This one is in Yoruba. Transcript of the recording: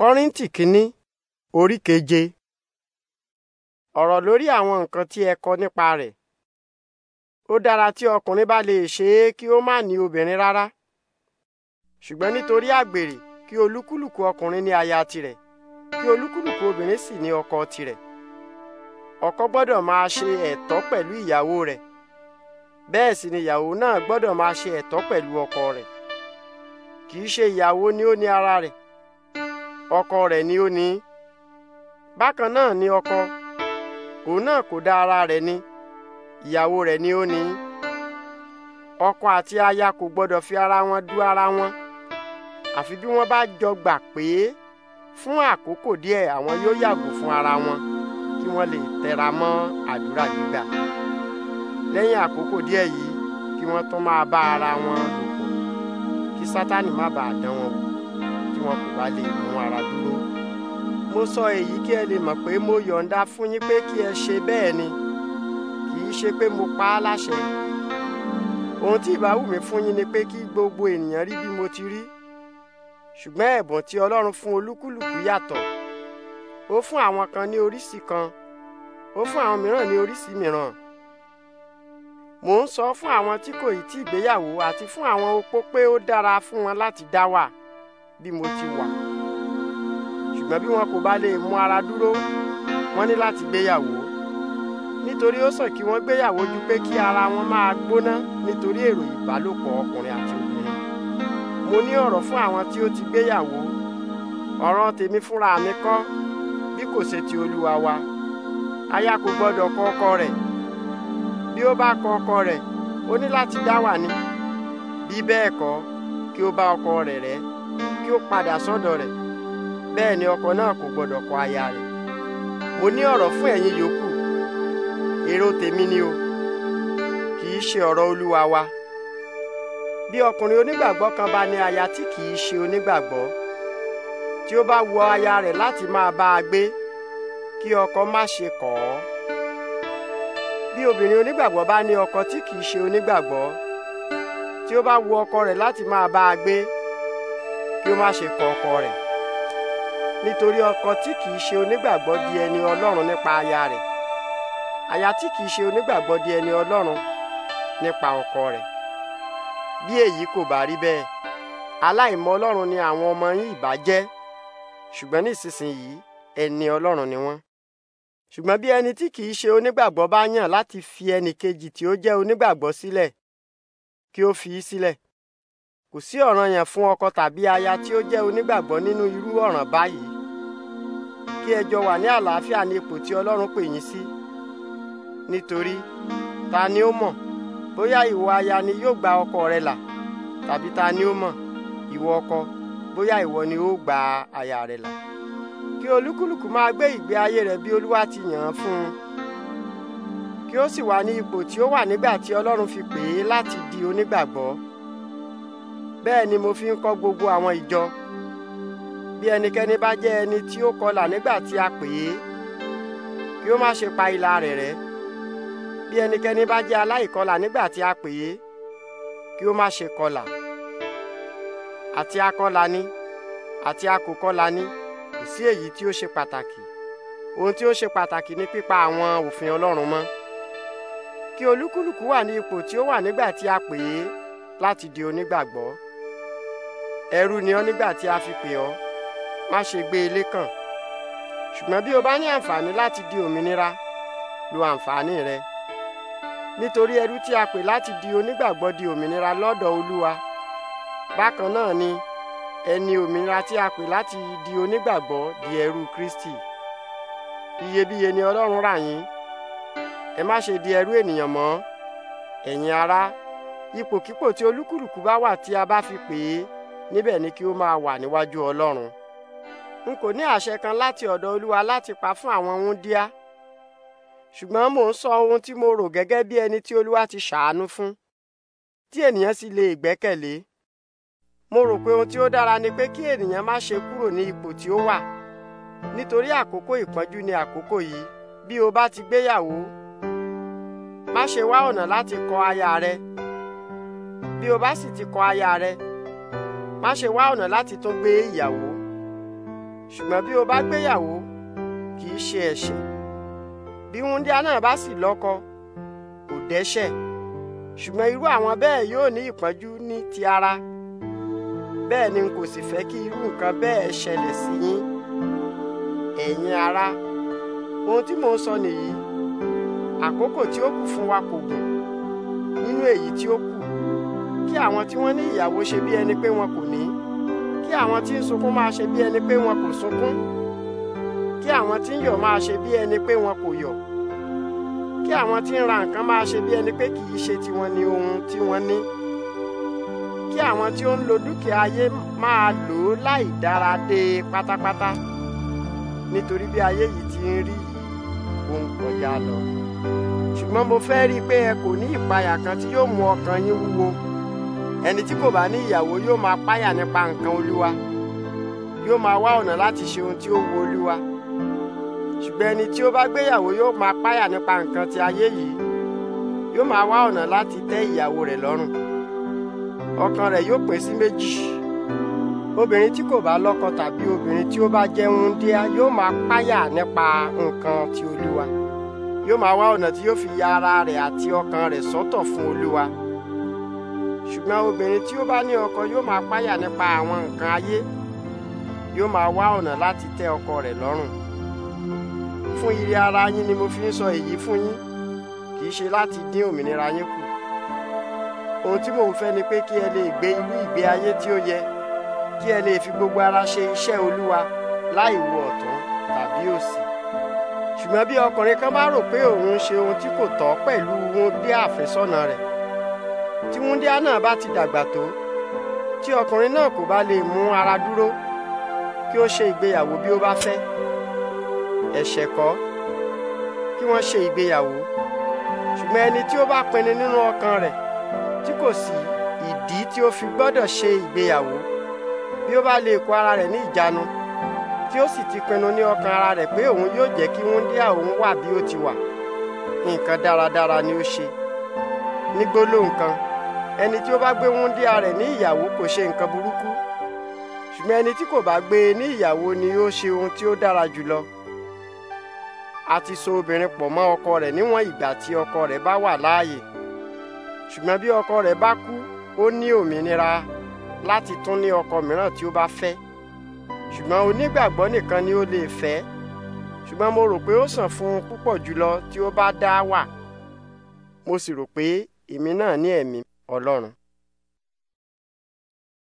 kọ́ríntì kínní orí keje ọ̀rọ̀ lórí àwọn nǹkan tí ẹ kọ nípa rẹ̀ ó dára tí ọkùnrin bá lè ṣe é kí ó má ní obìnrin rárá ṣùgbọ́n nítorí àgbèrè kí olúkúlùkù ọkùnrin ní aya tirẹ̀ kí olúkúlùkù obìnrin sì ní ọkọ tirẹ̀ ọkọ gbọ́dọ̀ máa ṣe ẹ̀tọ́ pẹ̀lú ìyàwó rẹ̀ bẹ́ẹ̀ sì ni ìyàwó náà gbọ́dọ̀ máa ṣe ẹ̀tọ́ pẹ̀lú ọkọ rẹ̀ kì í ṣe ìyàwó ni ó ní ara rẹ̀ ọkọ rẹ̀ ni ó ní bákan náà ni ọkọ òun náà kò dá ara rẹ̀ ni ìyàwó rẹ̀ ni ó ní ọkọ àti aya kò gbọdọ̀ fi ara wọn dú ara wọn àfi bí wọ́n bá jọ gbà pé fún àkókò díẹ̀ àwọn yóò yàgò fún ara wọn kí wọ́n lè tẹra mọ́ àdúrà gbígbà lẹ́yìn àkókò díẹ̀ yìí kí wọ́n tó máa bá ara wọn lò pọ̀ kí sátánì má bàa dán wọn wò wọn kò bá lè mú ara dúró mo sọ èyí kí ẹ lè mọ̀ pé mo yọ̀ǹda fún yín pé kí ẹ ṣe bẹ́ẹ̀ ni kì í ṣe pé mo pa á láṣẹ ohun tí ìbá wù fún yín ni pé kí gbogbo ènìyàn rí bí mo ti rí ṣùgbọ́n ẹ̀bùn tí Ọlọ́run fún olúkúlùkù yàtọ̀ ó fún àwọn kan ní oríṣi kan ó fún àwọn mìíràn ní oríṣi mìíràn mò ń sọ fún àwọn tí kò ì tí ìgbéyàwó àti fún àwọn opó pé ó dára fún wọn láti dá wà bí mo ti wà ṣùgbọ́n bí wọn kò bá lè mú ara dúró wọ́n ní láti gbéyàwó nítorí ó sàn kí wọ́n gbéyàwó ju pé kí ara wọn máa gbóná nítorí èrò ìbálòpọ̀ ọkùnrin àti obìnrin mo ní ọ̀rọ̀ fún àwọn tí ó ti gbéyàwó ọ̀rọ̀ tèmi fúnra mi kọ́ bí kò ṣe ti olúwa wa aya kò gbọ́dọ̀ kọ ọkọ rẹ̀ bí ó bá kọ ọkọ rẹ̀ ó ní láti dá wà ní bí bẹ́ẹ̀ kọ́ kí ó bá ọkọ rẹ̀ rẹ́ kí ó padà sọ́dọ̀ rẹ̀ bẹ́ẹ̀ ni ọkọ náà kò gbọdọ̀ kọ aya rẹ̀ mo ní ọ̀rọ̀ fún ẹ̀yin yòókù èrò tèmi ni o kì í ṣe ọ̀rọ̀ olúwa wa bí ọkùnrin onígbàgbọ́ kan bá ní aya tí kì í ṣe onígbàgbọ́ tí ó bá wọ aya rẹ̀ láti máa bá a gbé kí ọkọ má ṣe kọ̀ ọ́ bí obìnrin onígbàgbọ́ bá ní ọkọ tí kì í ṣe onígbàgbọ́ tí ó bá wọ ọkọ rẹ̀ láti máa bá a gbé kí ó má ṣe kọ ọkọ rẹ̀ nítorí ọkọ tí kìí ṣe onígbàgbọ́ di ẹni ọlọ́run nípa aya rẹ̀ aya tí kìí ṣe onígbàgbọ́ di ẹni ọlọ́run nípa ọkọ rẹ̀ bí èyí kò bá rí bẹ́ẹ̀ aláìmọ̀ ọlọ́run ni àwọn ọmọ yín ìbá jẹ́ ṣùgbọ́n nísinsìnyí ẹni ọlọ́run ni wọ́n ṣùgbọ́n bí ẹni tí kìí ṣe onígbàgbọ́ bá yàn láti fi ẹnì kejì tí ó jẹ́ onígbàgbọ́ sílẹ̀ kí ó fi í sílẹ̀ kò sí ọ̀ranyàn fún ọkọ tàbí aya tí ó jẹ́ onígbàgbọ́ nínú irú ọ̀ràn báyìí kí ẹ jọ wà ní àlàáfíà ní ipò tí Ọlọ́run pè yín sí nítorí ta ni ó mọ̀ bóyá ìwọ aya ni yóò gba ọkọ rẹ là tàbí ta ni ó mọ̀ ìwọ ọkọ bóyá ìwọ ni ó gba aya rẹ là kí olúkúlùkù máa gbé ìgbé ayé rẹ̀ bí Olúwa ti yàn án fún un kí ó sì wà ní ipò tí ó wà nígbà tí Ọlọ́run fi pè é láti di onígbàgbọ́ bẹ́ẹ̀ ni mo fi ń kọ́ gbogbo àwọn ìjọ bí ẹnikẹ́ni bá jẹ́ ẹni tí ó kọlà nígbà tí a pè é kí ó má ṣe pa ìlà rẹ̀ rẹ́ bí ẹnikẹ́ni bá jẹ́ aláìkọlà nígbà tí a pè é kí ó má ṣe kọlà àti akọlà ni àti akòkọlà ni kò sí èyí tí ó ṣe pàtàkì ohun tí ó ṣe pàtàkì ni pípa àwọn òfin Ọlọ́run mọ́ kí olúkúlùkù wà ní ipò tí ó wà nígbà tí a pè é láti di onígbàgbọ́ ẹrú ni ọ́ nígbà tí a fi pè ọ́ má ṣe gbé ilé kàn ṣùgbọ́n bí o bá ní àǹfààní láti di òmìnira lo àǹfààní rẹ nítorí ẹrú tí a pè láti di onígbàgbọ́ di òmìnira lọ́dọ̀ olúwa bákan náà ni ẹni òmìnira tí a pè láti di onígbàgbọ́ di ẹrú kristi iyebíye ni ọlọ́run rà yín ẹ má ṣe di ẹrú ènìyàn mọ́ ẹ̀yin ará ipòkípò tí olúkúlùkù bá wà tí a bá fi pè é níbẹ̀ ni kí ó máa wà níwájú Ọlọ́run n kò ní àṣẹ kan láti ọ̀dọ̀ Olúwa láti pa fún àwọn wúndíá ṣùgbọ́n mò ń sọ ohun tí mo rò gẹ́gẹ́ bí ẹni tí Olúwa ti ṣàánú fún tí ènìyàn sì lè gbẹ́kẹ̀lé mo rò pé ohun tí ó dára ni pé kí ènìyàn má ṣe kúrò ní ipò tí ó wà nítorí àkókò ìpọ́njú ni àkókò yìí bí o bá ti gbéyàwó má ṣe wá ọ̀nà láti kọ aya rẹ bí o bá sì ti kọ aya rẹ má ṣe wá ọ̀nà láti tún gbé ìyàwó ṣùgbọ́n bí o bá gbéyàwó kì í ṣe ẹ̀ṣẹ̀ bí wúndíá náà bá sì lọ́kọ kò dẹ́ṣẹ̀ ṣùgbọ́n irú àwọn bẹ́ẹ̀ yóò ní ìpọ́njú ní ti ara bẹ́ẹ̀ ni n kò sì fẹ́ kí irú nǹkan bẹ́ẹ̀ ṣẹlẹ̀ sí yín ẹ̀yin ará ohun tí mò ń sọ nìyí àkókò tí ó kù fún wa kò gùn nínú èyí tí ó kù àwọn tí wọ́n ní ìyàwó ṣe bí ẹni pé wọn kò ní kí àwọn tí ń sunkún máa ṣe bí ẹni pé wọn kò sunkún kí àwọn tí ń yọ̀ máa ṣe bí ẹni pé wọn kò yọ̀ kí àwọn tí ń ra nǹkan máa ṣe bí ẹni pé kì í ṣe tiwọn ni ohun tí wọ́n ní kí àwọn tí ó ń lo dúkìá ayé máa lò ó láì dára dé pátápátá nítorí bí ayé yìí ti ń rí yìí kọjá lọ ṣùgbọ́n mo fẹ́ rí i pé ẹ kò ní ìpayà kan tí yóò mú ọkàn yín wúwo ẹni tí kò bá ní ìyàwó yóò máa páyà nípa nǹkan olúwa yóò máa wá ọ̀nà láti ṣe ohun tí ó wu olúwa ṣùgbọ́n ẹni tí ó bá gbéyàwó yóò máa páyà nípa nǹkan ti ayé yìí yóò máa wá ọ̀nà láti tẹ́ ìyàwó rẹ̀ lọ́rùn ọkàn rẹ̀ yóò pín sí méjì obìnrin tí kò bá lọ́kọ tàbí obìnrin tí ó bá jẹ́ wúńdíá yóò máa páyà nípa nǹkan ti olúwa yóò máa wá ọ̀nà tí yóò fi ya ara rẹ̀ àti ọkàn rẹ̀ sọ́tọ̀ fún olúwa ṣùgbọ́n obìnrin tí ó bá ní ọkọ yóò máa páyà nípa àwọn nǹkan ayé yóò máa wá ọ̀nà láti tẹ́ ọkọ rẹ̀ lọ́rùn fún ire ara yín ni mo fi ń sọ èyí fún yín kì í ṣe láti dín òmìnira yín kù ohun tí mò ń fẹ́ ni pé kí ẹ lè gbé irú ìgbé ayé tí ó yẹ kí ẹ lè fi gbogbo ara ṣe iṣẹ́ olúwa láì wo ọ̀tún tàbí òsì ṣùgbọ́n bí ọkùnrin kan bá rò pé òun ń ṣe ohun tí kò tọ́ pẹ̀lú wọn bí àfẹ́sọ́nà rẹ̀ tí wúńdíá náà bá ti dàgbà tó tí ọkùnrin náà kò bá lè mú ara dúró kí ó ṣe ìgbéyàwó bí ó bá fẹ́ ẹ̀ṣẹ̀ kọ́ kí wọ́n ṣe ìgbéyàwó ṣùgbọ́n ẹni tí ó bá pinnu nínú ọkàn rẹ̀ tí kò sí ìdí tí ó fi gbọ́dọ̀ ṣe ìgbéyàwó bí ó bá lè kó ara rẹ̀ ní ìjánu tí ó sì ti pinnu ní ọkàn ara rẹ̀ pé òun yóò jẹ́ kí wúńdíá òun wà bí ó ti wà nǹkan dáradára ni ó ṣe ní gbólóhùn ẹni tí ó bá gbé wúńdíá rẹ̀ ní ìyàwó kò ṣe nǹkan burúkú ṣùgbọ́n ẹni tí kò bá gbé e ní ìyàwó ni ó ṣe ohun tí ó dára jùlọ a ti so obìnrin pọ̀ mọ́ ọkọ rẹ̀ níwọ̀n ìgbà tí ọkọ rẹ̀ bá wà láàyè ṣùgbọ́n bí ọkọ rẹ̀ bá kú ó ní òmìnira láti tún ní ọkọ mìíràn tí ó bá fẹ́ ṣùgbọ́n onígbàgbọ́ nìkan ni ó lè fẹ́ ṣùgbọ́n mo rò pé ó sàn fún un púpọ̀ jùlọ tí ó bá dá wà mo sì rò pé èmi náà ní ẹ̀mí ọlọ́run